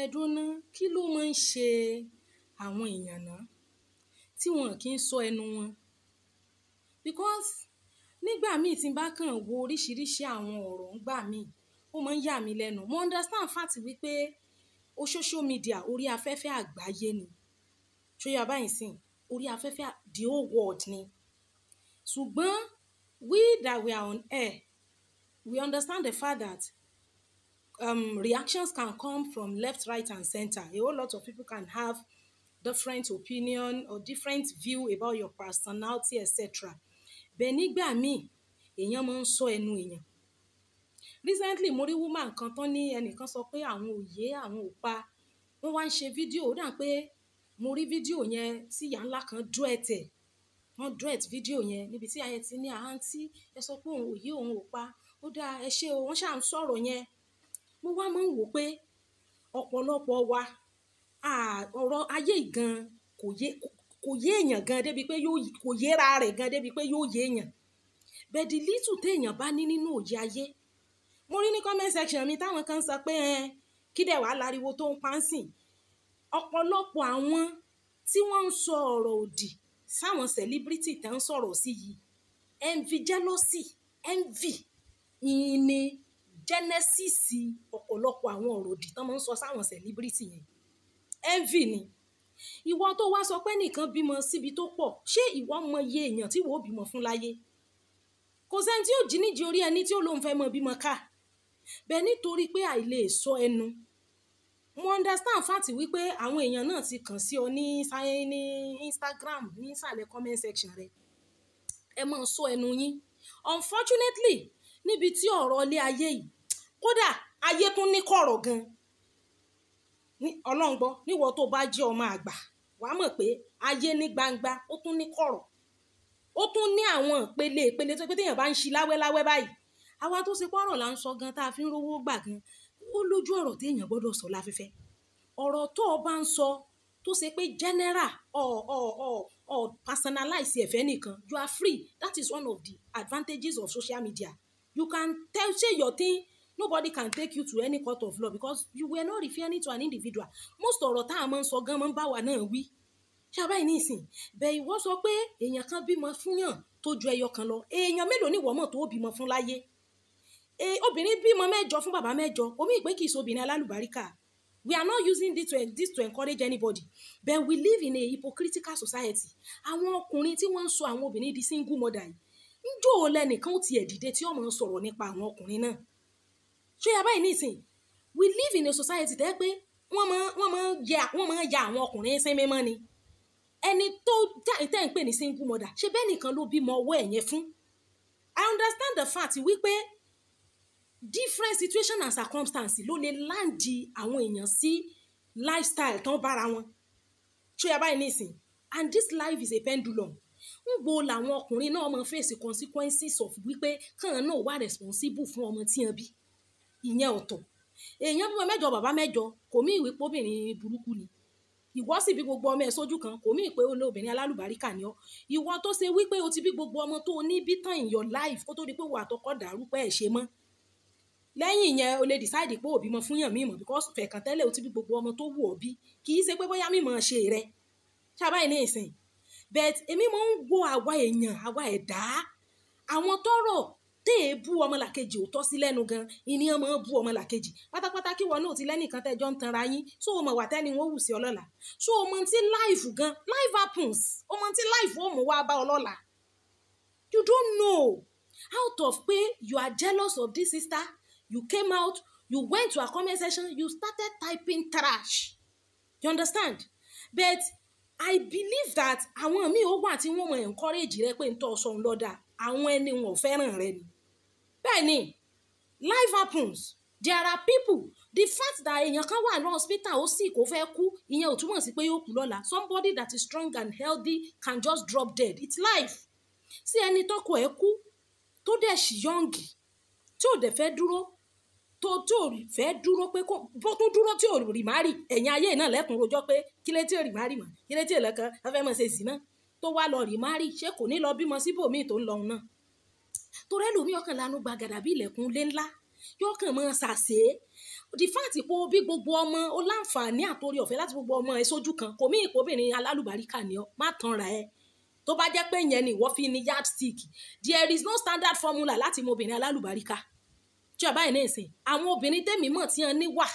Ẹ dúró ná, kí ló máa ń ṣe àwọn èèyàn náà tí wọ́n kì í sọ ẹnu wọn? Because nígbà mí tí n bá kàn wo oríṣiríṣi àwọn ọ̀rọ̀ ń gbà mí, ó máa ń yà mí lẹ́nu. Mo understand fact wípé o social media orí afẹ́fẹ́ àgbáyé ni. Ṣé ó yá bá yẹn sìn? Orí afẹ́fẹ́ the whole world ni. Ṣùgbọ́n we that we are on air, we understand the fact that um, reactions can come from left, right, and center. A whole lot of people can have different opinion or different view about your personality, etc. Bẹ́ẹ̀ nígbà míì, èèyàn máa ń sọ ẹnu èèyàn. Recently, mo rí woman kan tán ní ẹnìkan sọ pé àwọn òye àwọn ò pa. Wọ́n wá ń ṣe fídíò, ó dà pé mo rí fídíò yẹn tí ìyá ńlá kan dúẹ̀t ẹ̀. Wọ́n dúẹ̀t fídíò yẹn níbi tí ayẹ ti ní àǹtí ẹ sọ pé òye òun ò Ó dáa ẹ ṣe o, wọ́n ṣáà yẹn mo wá máa ń wò pé ọ̀pọ̀lọpọ̀ wa ọ̀rọ̀ ayé gan kò yé kò yé èèyàn gan débi pé yóò kò yéra rẹ̀ gan débi pé yóò yé èèyàn bẹ́ẹ̀dì lítù téèyàn bá ní nínú òye ayé mo rí ní comment section mi táwọn kan sọ pé ẹn kí dẹ̀ wàá láriwo tó ń pánsìn ọ̀pọ̀lọpọ̀ àwọn tí wọ́n ń sọ ọ̀rọ̀ òdì sáwọn celebrity tẹ́ ń sọ̀rọ̀ sí yìí envy jealousy envy ìní jẹ́nẹ́sìsì ọ̀pọ̀lọpọ̀ àwọn ọ̀rọ̀ òdì tán máa ń sọ sáwọn sẹ̀líbírìtì yẹn envy ni ìwọ tó wá sọ pé nìkan bímọ síbi tó pọ̀ ṣé ìwọ mọ iye èèyàn tí wò ó bímọ fún láyé kò sẹ́ni tí ó jí níjì orí ẹni tí ó lóun fẹ́ mọ bímọ ká bẹ́ẹ̀ nítorí pé àìlè sọ ẹnu mo understand fati wípé àwọn èèyàn náà ti kàn sí ọ ní Instagram ní ìsàlẹ̀ comment section rẹ ẹ máa sọ ẹnu yín unfortunately níbi tí ọ̀rọ̀ ilé ayé yìí kódà ayé tún ní kọ̀rọ̀ gan ọlọ́ngbọ́ níwọ̀ tó bá jẹ́ ọmọ àgbà wàá mọ̀ pé ayé ní gbangba ó tún ní kọ̀rọ̀ ó tún ní àwọn ìpele ìpele tó pé téèyàn bá ń ṣi láwẹ́láwẹ́ báyìí àwa tó ṣe pọ́rọ̀ là ń sọ gan tá a fi ń rówó gbà gan ó lójú ọ̀rọ̀ téèyàn gbọ́dọ̀ sọ láfẹ́fẹ́ ọ̀rọ̀ tó o bá ń sọ tó ṣe pé general ọ̀ personalize ẹ̀fẹ́ nìkan you are free that is one of the advantages of social media you can tell say your thing nobody can take you to any court of law because you were not referring to an individual most ọ̀rọ̀ tá a máa ń sọ gan máa ń bá wa náà wí ṣàbá yìí nísìn bẹ́ẹ̀ ìwọ sọ pé èèyàn kan bímọ fún yàn tó ju ẹyọ kan lọ èèyàn mélòó ni ìwọ mọ̀ tó bímọ fún láyé e, obìnrin bímọ mẹ́jọ fún bàbá mẹ́jọ omi ìpè kìí sobìnrin alálùbáríkà we are not using this to, this to encourage anybody but we live in a hypocritical society àwọn ọkùnrin tí wọ́n ń sọ àwọn obìnrin di single mother yìí níjọ́ ò lẹ́nìkan ó ti ẹ̀ dìde tí ọmọ sọ̀rọ̀ nípa àwọn ọkùnrin náà ṣé yàrá yìí nìsín we live in a society tẹ́ pé wọ́n máa wọ́n máa ya wọ́n máa ya àwọn ọkùnrin ẹsẹ̀ mímọ́ ni ẹni tó tẹ́ ń pè ní single mother ṣe bẹ́ẹ̀ nìkan ló bímọ ọwọ́ ẹ̀ yẹn fún I understand the fact wípé different situation and circumstance ló lè láǹdì àwọn èèyàn sí lifestyle tán bára wọn ṣé yàrá yìí nìsín and this life is a pendulum ńgbò làwọn ọkùnrin náà máa face consequences of wípé kàn náà wà responsible fún ọmọ tí wọn bí ìyẹn ọ̀tọ̀ èèyàn bímọ mẹ́jọ bàbá mẹ́jọ kò mí ìwé pọ́bìnrin burúkú ni ìwọ sì bí gbogbo ọmọ ẹ sójú kan kò mí ìpè olè obìnrin alálùbáríkà ni ọ ìwọ tó ṣe wípé o ti bí gbogbo ọmọ tó o ní bí tán in your life kó tó di pé wò àtọkọ dàrú pé ẹ ṣe mọ́ lẹ́yìn yẹn o lè decide pé òbí mọ fún yàn mímọ because fẹ̀kàn tẹ́lẹ̀ o ti bí gbogbo ọmọ tó wù ọ bí kì í ṣe pé bóyá mímọ ṣe rẹ ṣábàá ilé ìsìn but èmi máa ń wo àwa èèyàn àwa ẹ̀dá àwọn tọrọ tẹ́ ẹ bú ọmọlàkejì ò tọ́ sí lẹ́nu gan ìní ọmọ bú ọmọlàkejì pátápátá kí wọn náà ti lẹ́nìkan tẹ́jọ́ ń tanra yín so o mọ̀ wà tẹ́ni wọ́n wù sí ọlọ́la so o mọ̀ ti life gan life happens o mọ̀ ti life ó mú wá bá ọlọ́la you don't know out of pé you are jealous of this sister you came out you went to her comment section you started typing trash you understand but i believe that àwọn míì ó wà tí wọ́n mọ̀ encourage rẹ pé n tọ́ sọ ńlọ́dà àwọn ẹni wọn ò fẹ́ràn rẹ ni bẹ́ẹ̀ ni life happens there are people the fact that èèyàn kan wà ní hospital ó sì kó fẹ́ kú ìyẹn ò túmọ̀ sí pé yóò kú lọ́la somebody that is strong and healthy can just drop dead it's life sí ẹni tọkọ ẹ kú tó dẹ̀ ṣì yọ̀ǹgì tí ò dẹ̀ fẹ́ dúró tó tó fẹ́ dúró pé kó tó dúró tí ò rì má rì ẹ̀yìn ayé náà lẹ́kùn rojọ́ pé kí lé tí ò rì má rì mọ́ kí lé tí ò lẹ́kan afẹ́ mọ́ ṣe sí náà tó wá lọ rì má rì ṣé kò ní lọ bímọ síbòmíì tó ń lọ náà torí ẹlòmíì ọkàn lanu gbàgàdà bí ilẹ̀kùn lé ńlá yóò kàn mọ́ ṣàṣe the fact pé bí gbogbo ọmọ ó láǹfààní àtòrí ọ̀fẹ́ láti gbogbo ọmọ ẹ sójú kan kò mí ìpòbìnrin alálùbáríkà ni ọ má tanra ẹ tó bá jẹ́ pé yẹn ni ìwọ fi ni yardstick there is no standard formula láti mọ obìnrin alálùbáríkà ṣé ọba yìí náà sè àwọn obìnrin tèmi mọ̀ tí wọ́n ní wà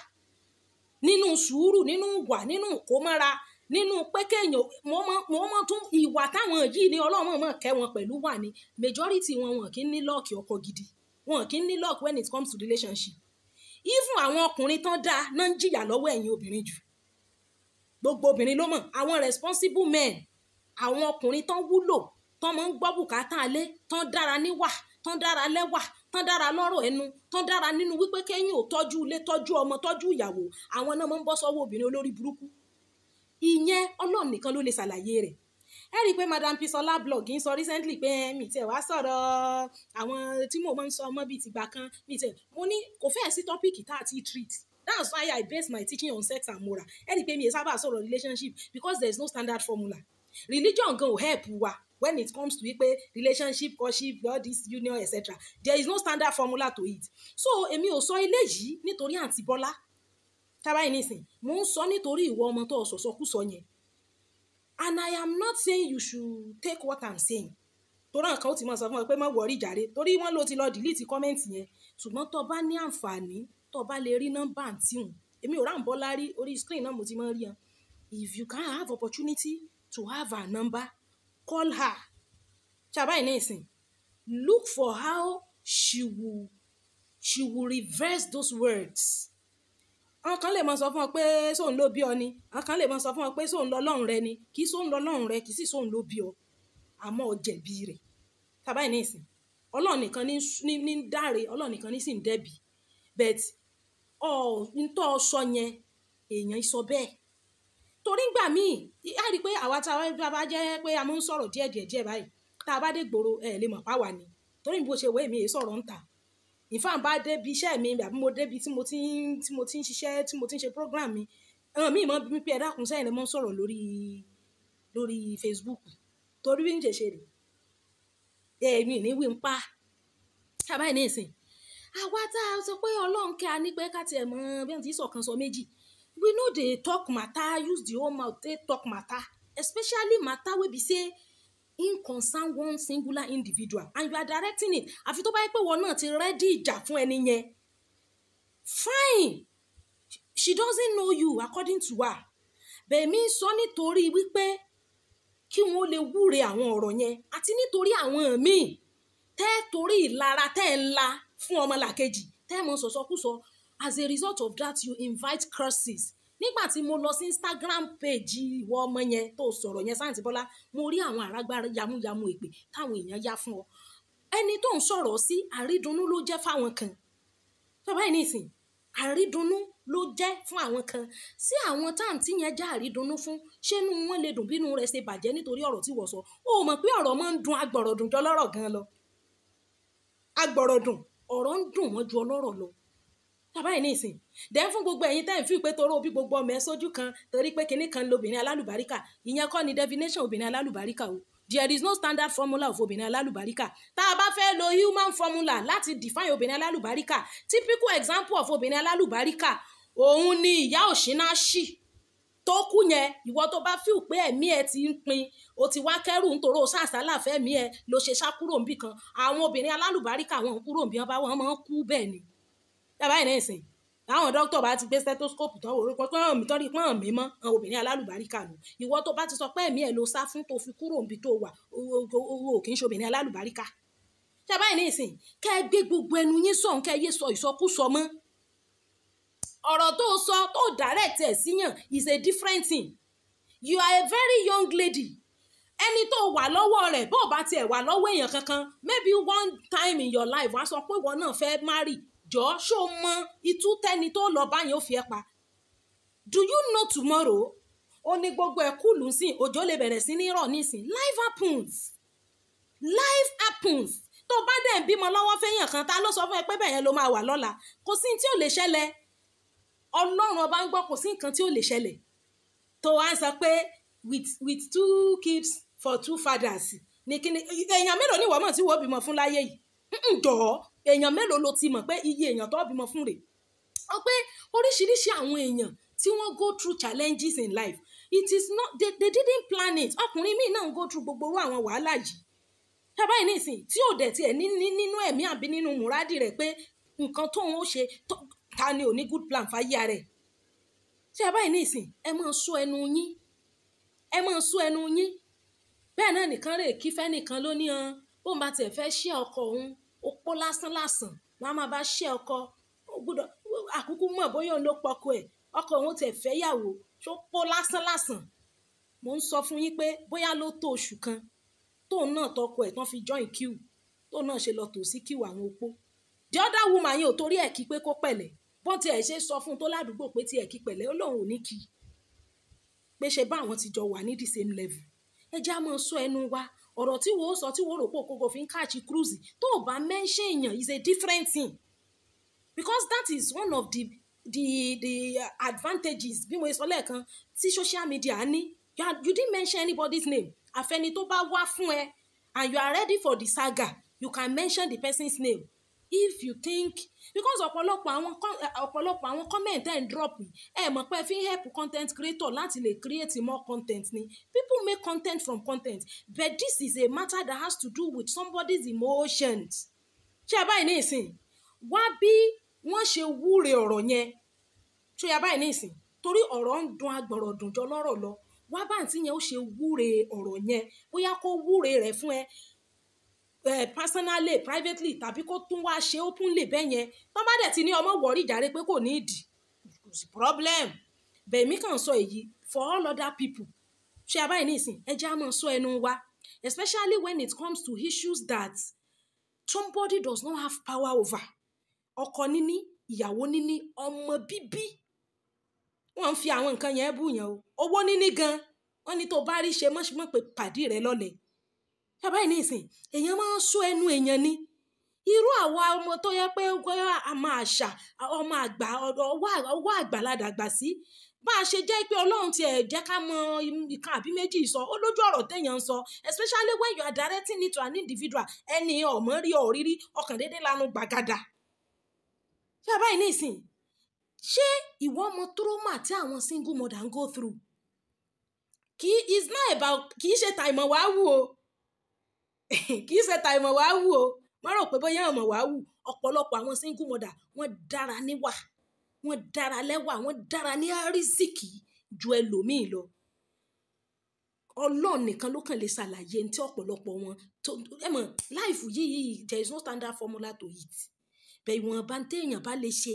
nínú sùúrù nínú wà nínú kómọ́ra nínú pé kéèyàn mo mọ tún ìwà táwọn yìí ni ọlọ́run mọ̀ kẹ́ wọn pẹ̀lú wà ní majority wọn wọn kì í ní lọ́ọ̀kì ọkọ gidi wọn kì í ní lọ́ọ̀kì when it comes to relationship even àwọn ọkùnrin tán dáa náà ń jìyà lọ́wọ́ ẹ̀yin obìnrin jù gbogbo obìnrin ló mọ̀ àwọn responsible men àwọn ọkùnrin tán wúlò tán máa ń gbọ́ bùkátà alẹ́ tán dára níwà tán dára lẹ́wà tán dára lọ́rọ̀ ẹnu tán dára nínú wípé kẹ́yìn ò tọ́jú ilé tọ́jú ọmọ tọ́jú ìyàwó àwọn náà máa ń bọ́ sọ́wọ́ obìnrin olórí burúkú ìyẹn ọlọ́run nìkan ló lè ṣàlàyé rẹ̀ ẹ rí i pé madam Bisola blog ń sọ recently pé mi tẹ wá sọ̀rọ̀ àwọn tí mo máa ń sọ ọmọ bíi tìgbà kan mi tẹ mo ní kò fẹ́ẹ̀ sí tọ́píìkì tá a ti treat that's why i base my teaching on sex and moral ẹ rí i pé mi ì sábà sọ̀rọ̀ relationship because there is no standard formula religion gan ò help wa when it comes to wípé relationship courtship all this union etc there is no standard formula to it so èmi ò sọ eléyìí nítorí àǹtí bọ́lá tábàáyí nísìn mò ń sọ nítorí ìwọ ọmọ tó sọ̀sọ̀kúsọ yẹn and i am not saying you should take what i'm saying torí àǹkan ó ti máa sọ fún ọ pé má wọrí ìjàre torí wọn ló ti lọ delete comment yẹn ṣùgbọ́n tó bá ní àǹfààní tó bá lè rí nọ́mbà àǹtí hùn èmi ò ráǹbọ́lá rí orí screen náà mo ti máa rí hàn if you can have opportunity to have her number call her ṣàbáyé ní look for how she will she will reverse those words àwọn kan lè máa sọ fún ọ pé sóun ló bí ọ ni àwọn kan lè máa sọ fún ọ pé sóun lọ lọ́rùn rẹ ni kì í sóun lọ lọ́rùn rẹ kì í sì sóun ló bí ọ àmọ́ ọ jẹ̀bi rẹ̀ tàbáyé ní ìsìn nìkan ní ń dáre ọlọ́run nìkan ní sì ń dẹ́bi but ọ̀ ń tọ́ ọ sọ yẹn èèyàn sọ bẹ́ẹ̀ torí ngbà míì á rí i pé àwa tá a bá jẹ́ pé a máa ń sọ̀rọ̀ díẹ̀ díẹ̀ díẹ̀ báyìí tá a bá dé gbòòrò ẹ̀ lè mọ̀ páwa ni torí bó ṣe wé mi èé sọ̀rọ̀ ń tà ìfàn bá débi iṣẹ́ mi àbí mo débi tí mo ti ń tí mo ti ń ṣiṣẹ́ tí mo ti ń ṣe program mi àwọn míì máa ń bí mi pé ẹ dákun sẹ́yìn lè mọ́ sọ̀rọ̀ lórí lórí Facebook torí bí n ṣe ṣe rè èmi ní wí ń pa ṣàbáyé ní ìsìn àwa tá a sọ pé Ọlọ́run kẹ́ a ní pé ká tiẹ̀ mọ bí wọ́n ti sọ̀kan sọ méjì we no dey talk matter use the whole mouth take talk matter especially matter wey be say in concern one singular individual and you are directing it àfi tó bá yẹ pé wọn náà ti rẹ́dí ìjà fún ẹni yẹn fine she doesn't know you according to her bẹ̀mí sọ nítorí wípé kí wọn lè wúre àwọn ọ̀rọ̀ yẹn àti nítorí àwọn míì tẹ́ torí ìlara tẹ́ ń la fún ọmọlàkejì tẹ́ mọ sọ̀sọ́kùsọ as a result of that you invite curses nígbà tí mo lọ sí Instagram page ìwọ ọmọ yẹn tó sọ̀rọ̀ yẹn Sáyẹ̀nsì Bọ́lá mo rí àwọn àràgbà yamuyamu èpè táwọn èèyàn yá fún ọ ẹni tó ń sọ̀rọ̀ sí àrídùnnú ló jẹ́ fáwọn kan tó báyìí nìsín àrídùnnú ló jẹ́ fún àwọn kan sí àwọn táǹtí yẹn já àrídùnnú fún ṣé inú wọn lè dùn bínú rẹ̀ ṣe bàjẹ́ nítorí ọ̀rọ̀ tí wọ́n sọ ó mọ̀ pé ọ̀rọ̀ máa ń dùn agbọ̀rọ̀dùn jọlọ́rọ̀ gan lọ agbọ̀rọ̀dùn ọ̀rọ̀ ń dùn wọ́n ju ọlọ́rọ̀ lọ tàbá ní ìsìn dẹ́n fún gbogbo ẹ̀yin tẹ́yìn fíì toró bí gbogbo ọmọ ẹ sójú kan torí pé kinní kan lobìnrin alálùbáríkà ìyẹn kọ́ ni definition obìnrin alálùbáríkà o there is no standard formula of obìnrin alálùbáríkà tá a bá fẹ́ lo human formula láti define obìnrin alálùbáríkà typical example of obìnrin alálùbáríkà òun ni ìyá òṣínáṣì tó kú yẹn ìwọ tó bá fíù pé ẹ̀mí ẹ ti ń pin o ti wá kẹ́rù nítorò sàṣàlà fẹ́mi ẹ ló ṣe sá kúrò níbì kan àwọn obìnrin alálùbáríkà wọn kúrò níbì wọn bá wọn máa ń kú bẹ́ẹ̀ ni yàrá yìí náà sìn àwọn dókítà bá ti gbé stethoscope tán orúkọ pé ọ̀n mi tán rí pọ́n mi mọ́ àwọn obìnrin alálùbáríkà nù ìwọ tó bá ti sọ pé ẹ̀mí ẹ̀ ló sá fún tó fi kúrò níbi tó wà owó kì í ṣe obìnrin alálùbáríkà ṣàbá yìí nìsín kẹ ẹ gbé gbogbo ẹnu yín sọ̀hún kẹ ẹ yé sọ ìsọkúsọ mọ́ ọ̀rọ̀ tó sọ tó direct ẹ̀ síyàn is a different thing you are a very young lady ẹni tó wà lọ́wọ́ rẹ̀ bó o bá tiẹ̀ wà lọ́wọ́ èèyàn kankan maybe one time in your life wàá sọ pé ìwọ náà fẹ́ marry jọ̀ọ́ ṣó mọ itú tẹ́ni tó lọ báyìí ó fi ẹ́ pa do you know tomorrow ó ní gbogbo ẹ̀ kúlù sí òjò lè bẹ̀rẹ̀ sí ní rọ̀ nísìn life happens life happens tó bá dẹ̀ ń bímọ lọ́wọ́ fẹ́yàn kan ta ló sọ fún ẹ pé bẹ̀yẹn ló máa wà lọ́la kò sí tí ò lè ṣẹlẹ̀ ọlọ́run ọba ń gbọ́ kò sí nǹkan tí ò lè ṣẹlẹ̀ tó wá ń sọ pé with with two kids for two fathers ní kíni èèyàn mélòó ni ìwọ mọ̀ tí wọ́n bímọ fún láyé yìí ń èèyàn mélòó lo ti mọ̀ pé iye èèyàn tó bímọ fún rè ọ pé oríṣiríṣi àwọn èèyàn tí wọ́n go through challenges in life it is not they, they didn't plan it ọkùnrin míì náà ń go through gbogbo orú àwọn wàhálà yìí tábà yìí nìsín tí ò dẹ̀ tiẹ̀ nínú ẹ̀mí àbí nínú mùrádì rẹ̀ pé nǹkan tóun ó ṣe ta ni ò ní good plan fáyà rẹ̀ tí a báyìí nìsín ẹ máa sọ ẹnu yín ẹ máa sọ ẹnu yín bẹ́ẹ̀ náà nìkan rè kí nìkan ló ní han bóun bá tiẹ̀ fẹ́ ṣí ọkọ òun opó lásánlàsàn la máa bá ṣe ọkọ gbọ́dọ̀ àkúkú mọ̀ bóyá òun ló pọkọ ẹ̀ ọkọ òun tẹ̀ fẹ́ yàwó tó pó lásánlàsàn mo ń sọ fún yín pé bóyá ló tó oṣù kan tóun náà tọkọ ẹ̀ tán fi join queue tóun náà ṣe lọ tò sí queue àwọn opó the other woman yẹn ò torí ẹ̀ kí pé kó pẹ̀lẹ́ bó tiẹ̀ ṣe sọ fún un tó ládùúgbò pé tiẹ̀ kí pẹ̀lẹ́ ó lóun ò ní kí i pé ṣe bá àwọn ti jọ wà ní the same level ẹ já mọ́ sọ ẹnu wa ọ̀rọ̀ tí wọ́n sọ tí wọ́n rò pé òkòkò fi ń káàkiri cruise tó o bá mention èèyàn is a different thing because that is one of the the the advantages bí mo sọ lẹ́ẹ̀kan tí social media ní you didn't mention anybody's name àfẹni tó bá wá fún ẹ and you are ready for the saga you can mention the person's name if you think because ọ̀pọ̀lọpọ̀ àwọn ọ̀pọ̀lọpọ̀ àwọn comment ẹ̀ ń drop ẹ mọ̀ pé fi ń help content creator láti lè create more content ni people make content from content but this is a matter that has to do with somebody's emotions ṣé ẹ báyìí ní ìsìn wá bí wọ́n ṣe wúre ọ̀rọ̀ yẹn ṣé ẹ báyìí ní ìsìn torí ọ̀rọ̀ ń dun agbọ̀rọ̀ dùnjọ́ lọ́rọ̀ lọ wá bá àǹtí yẹn ó ṣe wúre ọ̀rọ̀ yẹn bóyá kó wúre rẹ̀ fún ẹ eh, personally privately tàbí kó tún wá ṣe openly bẹ́ẹ̀ yẹn tó bá dẹ̀ ti ní ọmọ wọ̀rí ìjàre pé kò ní ìdí kò sí problem bẹ̀mí kàn sọ èyí for all other people ṣé abáyé nísìn ẹ jẹ́ á máa sọ ẹnu wa especially when it comes to issues that somebody does not have power over ọkọ níní ìyàwó níní ọmọ bíbí wọ́n ń fi àwọn nǹkan yẹn bú yẹn o owó níní gan wọ́n ní tó bá rí ṣe mọ́ṣímọ́ pé pàdí rẹ lọ́lẹ̀ ṣàbá yìí nísìn èèyàn máa ń sọ ẹnu èèyàn ni irú àwa ọmọ tó yẹ pé a máa ṣà ọmọ àgbà ọwọ́ àgbàládàgbà sí bá a ṣe jẹ́ pé ọlọ́run ti ẹ̀ jẹ́ ká mọ ìkan àbí méjì sọ ó lójú ọ̀rọ̀ téèyàn ń sọ especially when you are directing it to an individual ẹni ọ̀mọ́ rí ọ̀rírí ọkàn déédéé lanu gbàgàdà. ṣé àbáyìí nísìn ṣé ìwọ ọmọ trauma tí àwọn single mother ń go through kì í is not about kì í ṣe tàìmọ̀ wàá wù o kì í ṣe ta ìmọ̀ wá wù o má rò pé bóyá ìmọ̀ wá wù ọ̀pọ̀lọpọ̀ àwọn single mother wọ́n dára níwà wọ́n dára lẹ́wà wọ́n dára ní àrísìkì ju ẹlòmíì lọ ọlọ́run nìkan ló kàn lè ṣàlàyé ní tí ọ̀pọ̀lọpọ̀ wọn tó ẹ mọ̀ láìfù yìí yìí there is no standard formula to it bẹ́ẹ̀ ìwọ̀nba téèyàn bá lè ṣe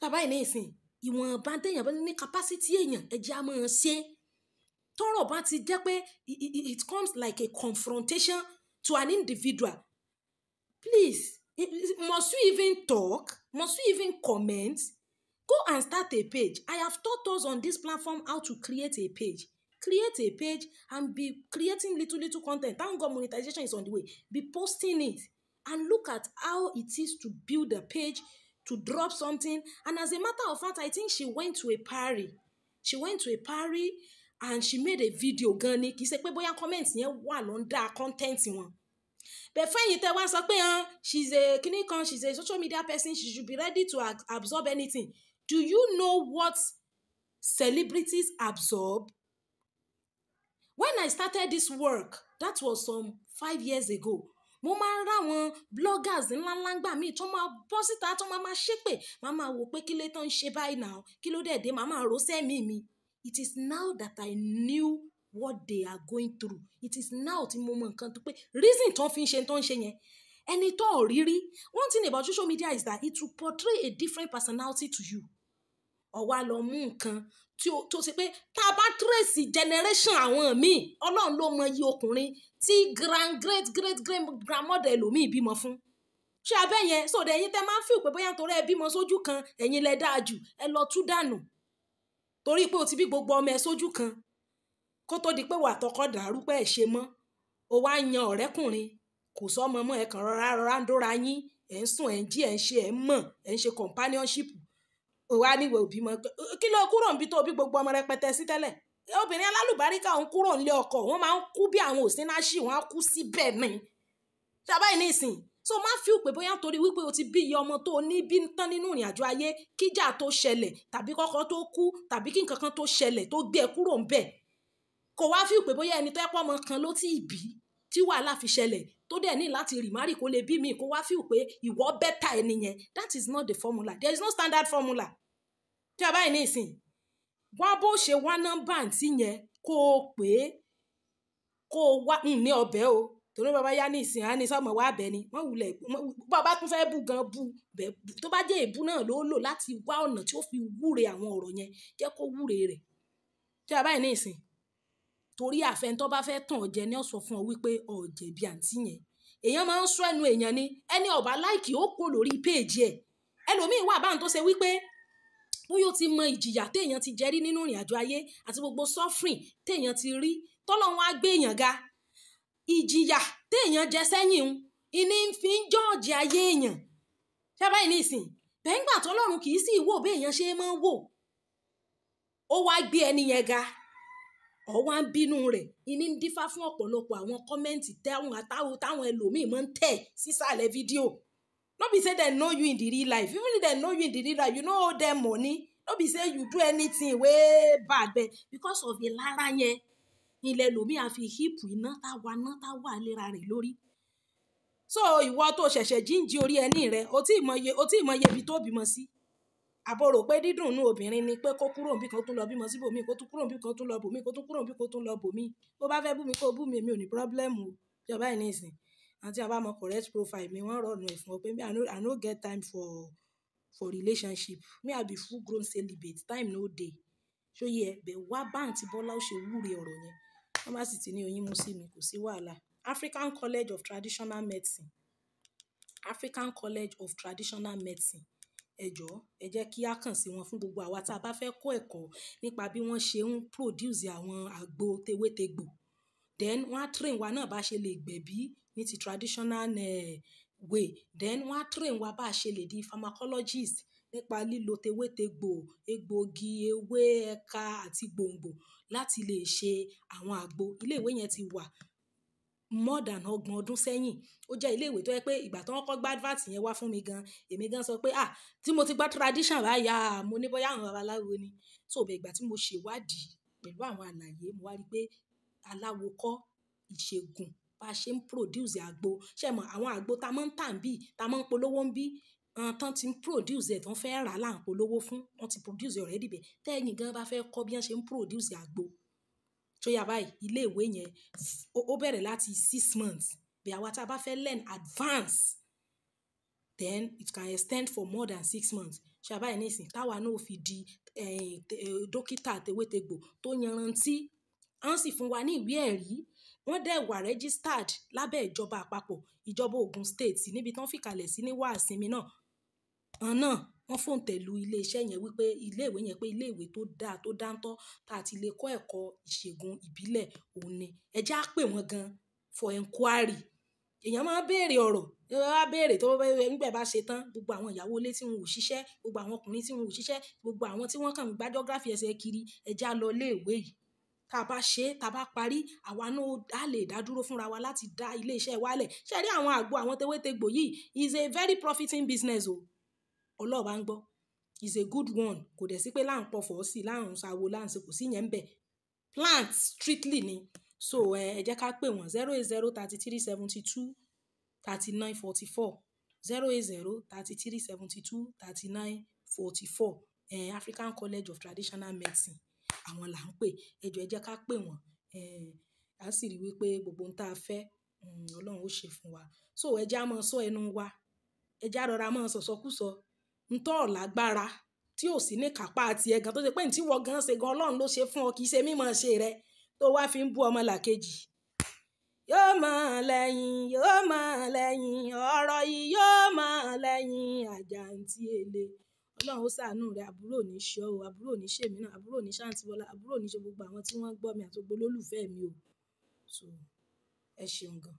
tàbá ìní ìsìn ìwọ̀nba téèyàn bá ní capacity èèyàn ẹ̀jẹ̀ á máa ṣe é tọ́rọ̀ bá ti jẹ́ pé it comes like a confrontation to an individual please must you even talk must you even comment go and start a page i have taught us on this platform how to create a page create a page and be creating little little content thank god monetization is on the way be posting it and look at how it is to build a page to drop something and as a matter of fact i think she went to a party she went to a party and she made a video gan ni kì í ṣe pé bóyá comment yẹn wà lọ́ndà content wọn bẹ́ẹ̀ fẹ́yìn tẹ́ wá sọ pé hàn ah, she's a kinní kan she's a social media person she should be ready to absorb anything do you know what celebrities absorb when i started this work that was some five years ago mo máa ń ráwọn bloggers ńláńlá gbà míì tó máa bọ́ síta tó máa máa ṣépè máa máa wò pé kí lè tán ń ṣe báyìí náà kí ló dẹ̀ dé máa máa rò sẹ́ẹ̀mí mi. mi. It is now that I knew what they are going through. It is now tí mo mọ nǹkan tó pé reason tó ń fi ṣe tó ń ṣe yẹn. Ẹni tó ò rí One thing about social media is that it will portray a different personality to you. Ọ̀wá lọ mú nǹkan tí ó tó ṣe pé tá a bá trace generation àwọn míì Ọlọ́run ló mọ iye ọkùnrin tí grand great great great grandmother ẹlòmíì bímọ fún ṣé abẹ́ yẹn sọ̀dọ̀ ẹ̀yin tẹ́ máa ń fi òpè bóyá nítorí ẹ bímọ sójú kan ẹ̀yin lẹ dáa jù ẹ lọ tú dànù torí pé o ti bí gbogbo ọmọ ẹ sójú kan kó tó di pé wà tọkọ dàrú pé ẹ ṣe mọ́ o wá yan ọ̀rẹ́kùnrin kò sọmọ mọ́ ẹ kàn rọra rọra ń dóra yín ẹ ń sùn ẹ ń jí ẹ ń ṣe ẹ ń mọ̀ ẹ ń ṣe companionship o wá níwè òbí mọ kí ló kúrò níbi tó bí gbogbo ọmọ rẹpẹtẹ sí tẹ́lẹ̀ obìnrin alálùbáríkà òun kúrò nílé ọkọ wọn máa ń kú bí àwọn òsínáṣì wọn á kú síbẹ̀ ni ṣàbáyé ní so má fi pé bóyá torí wípé o ti bí iye ọmọ tó o ní bí tán nínú ìrìn àjò ayé kíjà tó ṣẹlẹ̀ tàbí kọ́kọ́ tó kú tàbí kí nǹkan kan tó ṣẹlẹ̀ tó gbé ẹ kúrò ń bẹ̀ kò wá fi pé bóyá ẹni tó ẹpọ ọmọ kan ló tí ì bí tí wàhálà fi ṣẹlẹ̀ tó dẹ̀ ní láti rìmárì kó lè bí mi kó wá fi pé ìwọ bẹ́tà ẹni yẹn that is not the formula there is no standard formula tí a báyìí ní ìsìn wá bó ṣe wá nọ́mbà àǹtí yẹn kó o pè torí bàbá yá ní ìsìn àní sọmọ wà bẹ ni wọn wulẹ̀ bàbá tún fẹ́ bú gan bú bẹ tó bá jẹ́ èébú náà ló lò láti wá ọ̀nà tí ó fi wúre àwọn ọ̀rọ̀ yẹn jẹ́ kó wúre rẹ̀ tí bàbá yìí ní ìsìn torí àfẹntọ́ bá fẹ́ tàn jẹ ni ó sọ fún ọ wípé ó jẹ̀bi àǹtí yẹn èèyàn máa ń sọ ẹnu èèyàn ni ẹni ó bá láìkì ó kó lórí péèjì ẹ ẹlòmíín wà báyìí tó ṣe wípé bóyá o ti mọ ìjìyà téèyàn ti jẹ rí nínú ìrìnàjò ayé àti gbogbo suffering téèyàn ti rí tọ́lọ́run á gbé èèyàn ga ìjìyà téèyàn jẹ sẹ́yìn ń ìní fi ń jọ́ọ̀jì ayé èèyàn ṣábà yìí nìsín bẹ́ńgbà tọ́lọ́run kì í sì wò béèyàn ṣe máa ń wò ó wá gbé ẹni yẹn ga ó wá ń bínú rẹ̀ ìní ń dífá fún ọ̀pọ̀lọpọ̀ àwọn kọ́mẹ́ǹtì táwọn àtàwọn táwọn ẹlòmíì máa ń tẹ̀ sísàlẹ̀ fídíò no be say dem know you in the real life even if dem know you in the real life you no owe dem money no be say you do anything wey bad but because of ìlara yẹn ilẹ̀ lòmí àfi híìpù iná tá wa ná tá wà lera rẹ̀ lórí so ìwọ tó ṣẹ̀ṣẹ̀ jíǹji orí ẹni rẹ o tí ìmọye o tí ìmọye ibi tó bímọ sí àbò rò pé dídùn inú obìnrin ni pé kó kúrò níbi kan tó lọ bímọ síbòmí kó tún kúrò níbi kan tó lọ bòmí kó tún kúrò níbi kan tó lọ bòmí bó bá fẹ́ bú mi kó bú mi èmi ò ní pírọ́blẹ́mù ìjọba ẹ̀ nísìn àti àbá mọ correct profile mi wọ́n rọ̀nù ẹ̀ fún ọ pé I no, I no get time for for relationship me I be full grown celibate time no dey ṣó yẹ bẹ̀ wá bá àǹtí Bọ́lá ó ṣe wúre ọ̀rọ̀ yẹn wọ́n bá sì ti ní oyin mu sí mi kò sí wàhálà African College of Traditional Medicine African College of Traditional Medicine ẹ jọ̀ọ́ ẹ jẹ́ kí á kàn sí wọn fún gbogbo àwa tá a bá fẹ́ kọ́ ẹ̀kọ́ nípa bí wọ́n ṣe ń produce àwọn àgbo tewétegbò then wọ́n á train wa náà bá ṣe lè gbẹ̀bí ní ti traditional uh, way then wọ́n á train wa bá ṣe lè di pharmacologist nípa lílo tewétegbò, egbògi, ewé ẹka àti gbòǹgbò láti lè ṣe àwọn àgbo. Ilé ìwé yẹn ti wà more than ọgbọ̀n ọdún sẹ́yìn. Ó jẹ́ ilé ìwé tó jẹ́ pé ìgbà tí wọ́n kọ́ gba advert yẹn wá fún mi gan, èmi gan sọ pé à, tí mo ti gbọ́ tradition báyìí, à, mo ní bóyá àwọn babaláwo ni. So but ìgbà tí mo ṣe ìwádìí pẹ̀lú àwọn àlàyé, mo wá rí pé aláwo kọ́ ìṣègùn, bá ṣe ń produce àgbo. Ṣé ẹ mọ̀ àwọn àgbo ta máa ń tà níbí, ta máa ń polówó níbí, àwọn tán ti ń produce ẹ̀ tán fẹ́ rà là ń polówó fún wọn ti produce already bẹ̀ tẹ́yìn gan bá fẹ́ kọ́ bí wọ́n ṣe ń produce àgbo tó yà báyìí ilé ìwé yẹn ó bẹ̀rẹ̀ láti six months bí àwa tá a bá fẹ́ learn advance then it can extend for more than six months ṣe àbáyé nísìn táwa náà fi di eh, dókítà tewétegbò tó yanrantí wọ́n sì fún wa ní ìwé ẹ̀rí wọ́n dẹ̀ wà registered lábẹ́ ìjọba àpapọ̀ ìjọba Ògùn state níbi tán fìkàlẹ̀ sí ní wàásìmí náà bákan náà wọ́n fòǹtẹ̀ lu ilé-iṣẹ́ yẹn wípé ilé-ìwé yẹn pé ilé-ìwé tó dáa tó dáńtọ́ tá a ti lè kọ́ ẹ̀kọ́ ìṣègùn ìbílẹ̀ òun ni. Ẹ jẹ́ á pè wọ́n gan for enquiry. Èèyàn máa ń bèèrè ọ̀rọ̀, ẹ wá bèèrè tó bá nígbà bá ṣe tán, gbogbo àwọn ìyàwó ilé tí wọn ò ṣiṣẹ́, gbogbo àwọn ọkùnrin tí wọn ò ṣiṣẹ́, gbogbo àwọn tí wọ́n kàn ń gba geography ẹsẹ̀ kiri, ẹ jẹ́ á lọ ilé-ìwé yìí. Tá a bá ṣe, tá a bá parí, àwa náà á lè dá dúró fúnra wa láti dá ilé-iṣẹ́ wa lẹ̀. Ṣé ẹ rí àwọn àgbo àwọn tewétegbò yìí is a very profiting business o. Ọlọ́run bá ń gbọ́. It's a good one. Kò dẹ̀ sí pé là ń pọ̀fọ̀ sí, là ń sawo, là ń ṣe kò sí yẹn bẹ̀. Plant strictly ni. So ẹ jẹ́ ká pè wọ́n zero eight zero thirty three seventy two thirty nine forty four zero eight zero thirty three seventy two thirty nine forty four African College of Traditional Medicine àwọn là ń pè ẹjọ́ ẹ jẹ́ ká pè wọ́n a sì rí wípé gbogbo ń tá a fẹ́ mm, Ọlọ́run ó ṣe fún wa so ẹ jẹ́ á máa sọ ẹnu wa ẹ jẹ́ á rọra máa sọ̀sọ́kùsọ ntọ́ ọ̀lágbára tí ò sí ní kápá àti ẹ̀gàn tó ṣe pé ntí wọ́n gan ṣe gan ọlọ́run ló ṣe fún ọ kì í ṣe mímọ̀ ṣe rẹ tó wá fi ń bú ọmọ làkejì. yóò máa lẹ́yìn yóò máa lẹ́yìn ọ̀rọ̀ yìí yóò máa lẹ́yìn àjàǹtí èlé ọlọ́run ó ṣàánú rẹ àbúrò ní ṣọ́ o àbúrò ní ṣèmi náà àbúrò ní ṣàǹtìwọlá àbúrò ní gbogbo àwọn tí wọ́n gbọ́ mi àtògbò lólùfẹ́ mi o so ẹ ṣeun gan.